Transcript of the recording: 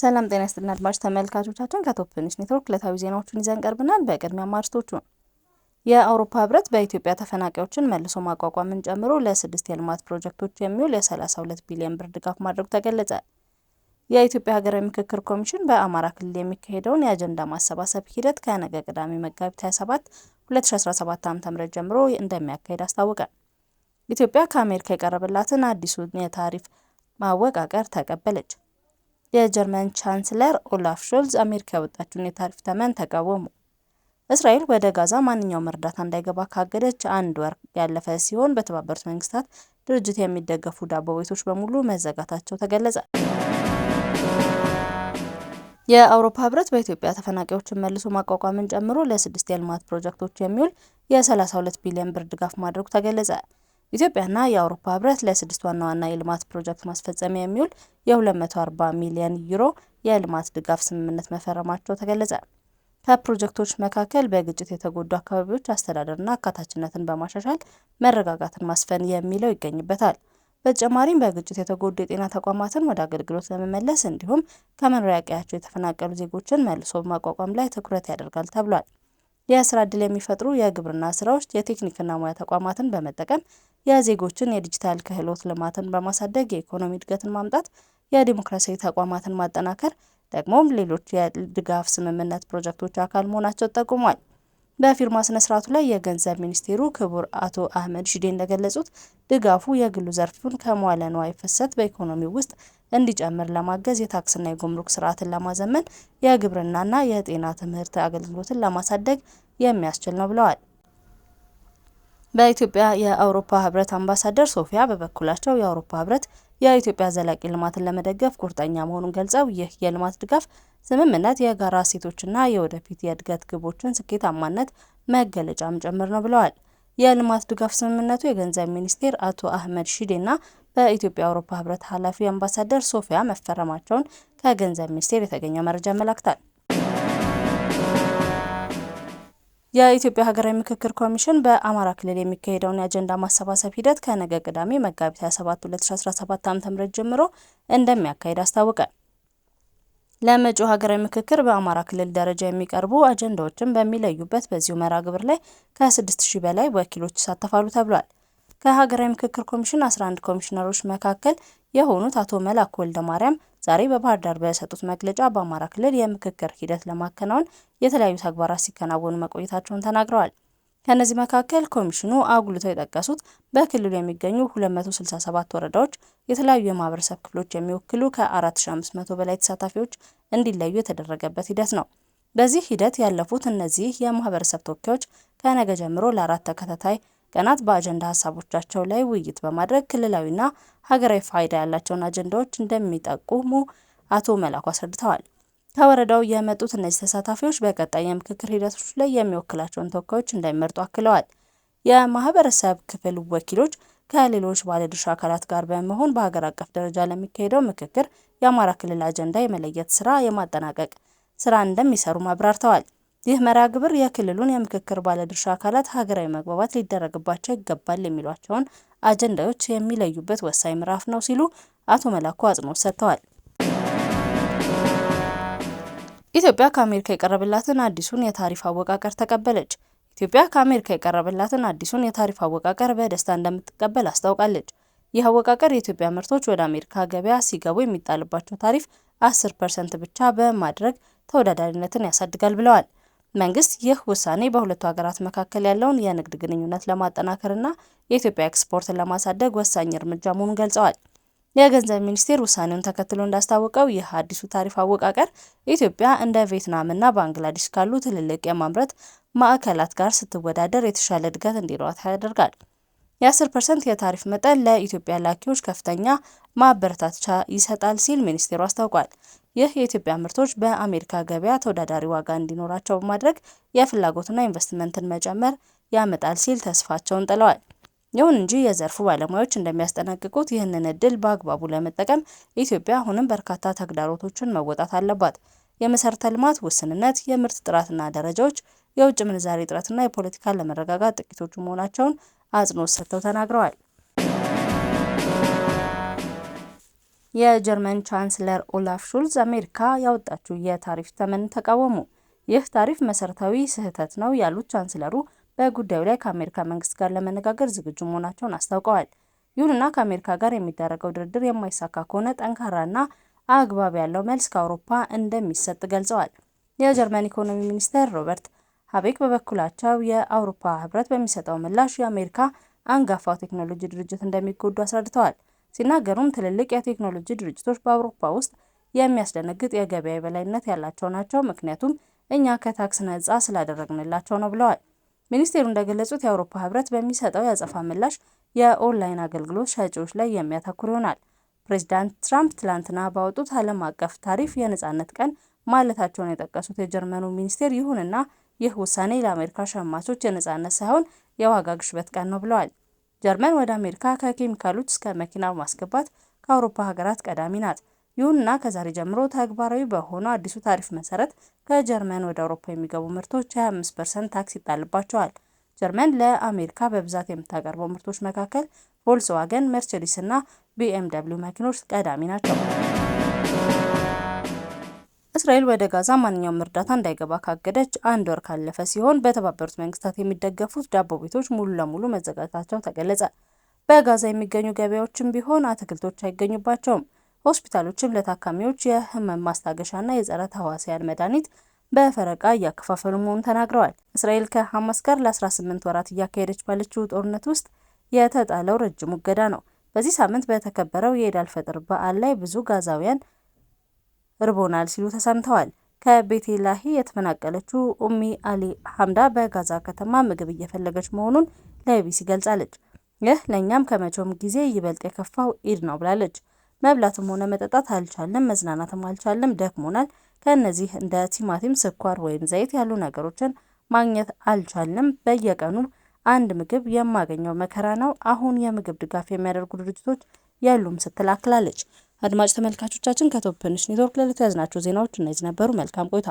ሰላም ጤና ይስጥልን አድማጭ ተመልካቾቻችን ከቶፕንሽ ኔትወርክ ዕለታዊ ዜናዎቹን ይዘን ቀርብናል። በቅድሚያ አርዕስቶቹን። የአውሮፓ ህብረት በኢትዮጵያ ተፈናቃዮችን መልሶ ማቋቋምን ጨምሮ ለስድስት የልማት ፕሮጀክቶች የሚውል የ32 ቢሊዮን ብር ድጋፍ ማድረጉ ተገለጸ። የኢትዮጵያ ሀገራዊ ምክክር ኮሚሽን በአማራ ክልል የሚካሄደውን የአጀንዳ ማሰባሰብ ሂደት ከነገ ቅዳሜ መጋቢት 27 2017 ዓ.ም ጀምሮ እንደሚያካሄድ አስታወቀ። ኢትዮጵያ ከአሜሪካ የቀረበላትን አዲሱን የታሪፍ ማወቃቀር ተቀበለች። የጀርመን ቻንስለር ኦላፍ ሾልዝ አሜሪካ ያወጣችውን የታሪፍ ተመን ተቃወሙ። እስራኤል ወደ ጋዛ ማንኛውም እርዳታ እንዳይገባ ካገደች አንድ ወር ያለፈ ሲሆን በተባበሩት መንግስታት ድርጅት የሚደገፉ ዳቦ ቤቶች በሙሉ መዘጋታቸው ተገለጸ። የአውሮፓ ህብረት በኢትዮጵያ ተፈናቃዮችን መልሶ ማቋቋምን ጨምሮ ለስድስት የልማት ፕሮጀክቶች የሚውል የ32 ቢሊዮን ብር ድጋፍ ማድረጉ ተገለጸ። ኢትዮጵያና የአውሮፓ ህብረት ለስድስት ዋና ዋና የልማት ፕሮጀክት ማስፈጸሚያ የሚውል የ240 ሚሊዮን ዩሮ የልማት ድጋፍ ስምምነት መፈረማቸው ተገለጸ። ከፕሮጀክቶች መካከል በግጭት የተጎዱ አካባቢዎች አስተዳደርና አካታችነትን በማሻሻል መረጋጋትን ማስፈን የሚለው ይገኝበታል። በተጨማሪም በግጭት የተጎዱ የጤና ተቋማትን ወደ አገልግሎት ለመመለስ እንዲሁም ከመኖሪያ ቀያቸው የተፈናቀሉ ዜጎችን መልሶ በማቋቋም ላይ ትኩረት ያደርጋል ተብሏል። የስራ ድል የሚፈጥሩ የግብርና ስራዎች የቴክኒክና ሙያ ተቋማትን በመጠቀም የዜጎችን የዲጂታል ክህሎት ልማትን በማሳደግ የኢኮኖሚ እድገትን ማምጣት፣ የዲሞክራሲያዊ ተቋማትን ማጠናከር ደግሞም ሌሎች የድጋፍ ስምምነት ፕሮጀክቶች አካል መሆናቸው ጠቁሟል። በፊርማ ስነ ስርዓቱ ላይ የገንዘብ ሚኒስቴሩ ክቡር አቶ አህመድ ሺዴ እንደገለጹት ድጋፉ የግሉ ዘርፉን ከመዋለ ንዋይ ፍሰት ውስጥ እንዲጨምር ለማገዝ የታክስና የጉምሩክ ስርዓትን ለማዘመን የግብርናና የጤና ትምህርት አገልግሎትን ለማሳደግ የሚያስችል ነው ብለዋል። በኢትዮጵያ የአውሮፓ ህብረት አምባሳደር ሶፊያ በበኩላቸው የአውሮፓ ህብረት የኢትዮጵያ ዘላቂ ልማትን ለመደገፍ ቁርጠኛ መሆኑን ገልጸው ይህ የልማት ድጋፍ ስምምነት የጋራ እሴቶችና የወደፊት የእድገት ግቦችን ስኬታማነት መገለጫም ጭምር ነው ብለዋል። የልማት ድጋፍ ስምምነቱ የገንዘብ ሚኒስቴር አቶ አህመድ ሺዴና በኢትዮጵያ አውሮፓ ህብረት ኃላፊ አምባሳደር ሶፊያ መፈረማቸውን ከገንዘብ ሚኒስቴር የተገኘው መረጃ ያመላክታል። የኢትዮጵያ ሀገራዊ ምክክር ኮሚሽን በአማራ ክልል የሚካሄደውን የአጀንዳ ማሰባሰብ ሂደት ከነገ ቅዳሜ መጋቢት 27 2017 ዓ.ም ጀምሮ እንደሚያካሄድ አስታወቀ። ለመጪው ሀገራዊ ምክክር በአማራ ክልል ደረጃ የሚቀርቡ አጀንዳዎችን በሚለዩበት በዚሁ መርሃ ግብር ላይ ከ6000 በላይ ወኪሎች ይሳተፋሉ ተብሏል። ከሀገራዊ ምክክር ኮሚሽን 11 ኮሚሽነሮች መካከል የሆኑት አቶ መላኩ ወልደ ማርያም ዛሬ በባህር ዳር በሰጡት መግለጫ በአማራ ክልል የምክክር ሂደት ለማከናወን የተለያዩ ተግባራት ሲከናወኑ መቆየታቸውን ተናግረዋል። ከእነዚህ መካከል ኮሚሽኑ አጉልተው የጠቀሱት በክልሉ የሚገኙ 267 ወረዳዎች የተለያዩ የማህበረሰብ ክፍሎች የሚወክሉ ከ4500 በላይ ተሳታፊዎች እንዲለዩ የተደረገበት ሂደት ነው። በዚህ ሂደት ያለፉት እነዚህ የማህበረሰብ ተወካዮች ከነገ ጀምሮ ለአራት ተከታታይ ቀናት በአጀንዳ ሀሳቦቻቸው ላይ ውይይት በማድረግ ክልላዊና ሀገራዊ ፋይዳ ያላቸውን አጀንዳዎች እንደሚጠቁሙ አቶ መላኩ አስረድተዋል። ከወረዳው የመጡት እነዚህ ተሳታፊዎች በቀጣይ የምክክር ሂደቶች ላይ የሚወክላቸውን ተወካዮች እንደሚመርጡ አክለዋል። የማህበረሰብ ክፍል ወኪሎች ከሌሎች ባለድርሻ አካላት ጋር በመሆን በሀገር አቀፍ ደረጃ ለሚካሄደው ምክክር የአማራ ክልል አጀንዳ የመለየት ስራ የማጠናቀቅ ስራ እንደሚሰሩ አብራርተዋል። ይህ መርሃ ግብር የክልሉን የምክክር ባለድርሻ አካላት ሀገራዊ መግባባት ሊደረግባቸው ይገባል የሚሏቸውን አጀንዳዎች የሚለዩበት ወሳኝ ምዕራፍ ነው ሲሉ አቶ መላኩ አጽንኦት ሰጥተዋል። ኢትዮጵያ ከአሜሪካ የቀረበላትን አዲሱን የታሪፍ አወቃቀር ተቀበለች። ኢትዮጵያ ከአሜሪካ የቀረበላትን አዲሱን የታሪፍ አወቃቀር በደስታ እንደምትቀበል አስታውቃለች። ይህ አወቃቀር የኢትዮጵያ ምርቶች ወደ አሜሪካ ገበያ ሲገቡ የሚጣልባቸው ታሪፍ 10 ፐርሰንት ብቻ በማድረግ ተወዳዳሪነትን ያሳድጋል ብለዋል። መንግስት ይህ ውሳኔ በሁለቱ ሀገራት መካከል ያለውን የንግድ ግንኙነት ለማጠናከርና የኢትዮጵያ ኤክስፖርትን ለማሳደግ ወሳኝ እርምጃ መሆኑን ገልጸዋል። የገንዘብ ሚኒስቴር ውሳኔውን ተከትሎ እንዳስታወቀው ይህ አዲሱ ታሪፍ አወቃቀር ኢትዮጵያ እንደ እና ባንግላዴሽ ካሉ ትልልቅ የማምረት ማዕከላት ጋር ስትወዳደር የተሻለ እድገት እንዲኖራት ያደርጋል። የ10 ፐርሰንት የታሪፍ መጠን ለኢትዮጵያ ላኪዎች ከፍተኛ ማበረታቻ ይሰጣል ሲል ሚኒስቴሩ አስታውቋል። ይህ የኢትዮጵያ ምርቶች በአሜሪካ ገበያ ተወዳዳሪ ዋጋ እንዲኖራቸው በማድረግ የፍላጎትና ኢንቨስትመንትን መጨመር ያመጣል ሲል ተስፋቸውን ጥለዋል። ይሁን እንጂ የዘርፉ ባለሙያዎች እንደሚያስጠነቅቁት ይህንን እድል በአግባቡ ለመጠቀም ኢትዮጵያ አሁንም በርካታ ተግዳሮቶችን መወጣት አለባት። የመሰረተ ልማት ውስንነት፣ የምርት ጥራትና ደረጃዎች፣ የውጭ ምንዛሬ እጥረትና የፖለቲካ ለመረጋጋት ጥቂቶቹ መሆናቸውን አጽንኦት ሰጥተው ተናግረዋል። የጀርመን ቻንስለር ኦላፍ ሹልዝ አሜሪካ ያወጣችው የታሪፍ ተመን ተቃወሙ። ይህ ታሪፍ መሰረታዊ ስህተት ነው ያሉት ቻንስለሩ በጉዳዩ ላይ ከአሜሪካ መንግስት ጋር ለመነጋገር ዝግጁ መሆናቸውን አስታውቀዋል። ይሁንና ከአሜሪካ ጋር የሚደረገው ድርድር የማይሳካ ከሆነ ጠንካራና አግባብ ያለው መልስ ከአውሮፓ እንደሚሰጥ ገልጸዋል። የጀርመን ኢኮኖሚ ሚኒስተር ሮበርት ሀቤክ በበኩላቸው የአውሮፓ ህብረት በሚሰጠው ምላሽ የአሜሪካ አንጋፋው ቴክኖሎጂ ድርጅት እንደሚጎዱ አስረድተዋል። ሲናገሩም ትልልቅ የቴክኖሎጂ ድርጅቶች በአውሮፓ ውስጥ የሚያስደነግጥ የገበያ የበላይነት ያላቸው ናቸው፣ ምክንያቱም እኛ ከታክስ ነጻ ስላደረግንላቸው ነው ብለዋል። ሚኒስቴሩ እንደገለጹት የአውሮፓ ህብረት በሚሰጠው የአጸፋ ምላሽ የኦንላይን አገልግሎት ሸጪዎች ላይ የሚያተኩር ይሆናል። ፕሬዚዳንት ትራምፕ ትላንትና ባወጡት ዓለም አቀፍ ታሪፍ የነጻነት ቀን ማለታቸውን የጠቀሱት የጀርመኑ ሚኒስቴር፣ ይሁንና ይህ ውሳኔ ለአሜሪካ ሸማቾች የነጻነት ሳይሆን የዋጋ ግሽበት ቀን ነው ብለዋል። ጀርመን ወደ አሜሪካ ከኬሚካሎች እስከ መኪና በማስገባት ከአውሮፓ ሀገራት ቀዳሚ ናት። ይሁንና ከዛሬ ጀምሮ ተግባራዊ በሆነው አዲሱ ታሪፍ መሰረት ከጀርመን ወደ አውሮፓ የሚገቡ ምርቶች 25 ፐርሰንት ታክስ ይጣልባቸዋል። ጀርመን ለአሜሪካ በብዛት የምታቀርበው ምርቶች መካከል ቮልስዋገን፣ ሜርሴዲስ እና ቢኤምደብሊው መኪኖች ቀዳሚ ናቸው። እስራኤል ወደ ጋዛ ማንኛውም እርዳታ እንዳይገባ ካገደች አንድ ወር ካለፈ ሲሆን በተባበሩት መንግስታት የሚደገፉት ዳቦ ቤቶች ሙሉ ለሙሉ መዘጋታቸው ተገለጸ። በጋዛ የሚገኙ ገበያዎችም ቢሆን አትክልቶች አይገኙባቸውም። ሆስፒታሎችም ለታካሚዎች የህመም ማስታገሻና የጸረ ተህዋሲያን መድኃኒት በፈረቃ እያከፋፈሉ መሆኑን ተናግረዋል። እስራኤል ከሐማስ ጋር ለ18 ወራት እያካሄደች ባለችው ጦርነት ውስጥ የተጣለው ረጅም እገዳ ነው። በዚህ ሳምንት በተከበረው የኢድ አልፈጥር በዓል ላይ ብዙ ጋዛውያን እርቦናል ሲሉ ተሰምተዋል። ከቤቴላሂ የተፈናቀለችው ኡሚ አሊ ሐምዳ በጋዛ ከተማ ምግብ እየፈለገች መሆኑን ለቢቢሲ ገልጻለች። ይህ ለእኛም ከመቼውም ጊዜ ይበልጥ የከፋው ኢድ ነው ብላለች። መብላትም ሆነ መጠጣት አልቻልንም፣ መዝናናትም አልቻልንም፣ ደክሞናል። ከእነዚህ እንደ ቲማቲም፣ ስኳር ወይም ዘይት ያሉ ነገሮችን ማግኘት አልቻልንም። በየቀኑ አንድ ምግብ የማገኘው መከራ ነው። አሁን የምግብ ድጋፍ የሚያደርጉ ድርጅቶች የሉም ስትል አክላለች። አድማጭ ተመልካቾቻችን ከቶፕንሽ ኔትወርክ ለዕለቱ ያዝናቸው ዜናዎች እነዚህ ነበሩ። መልካም ቆይታ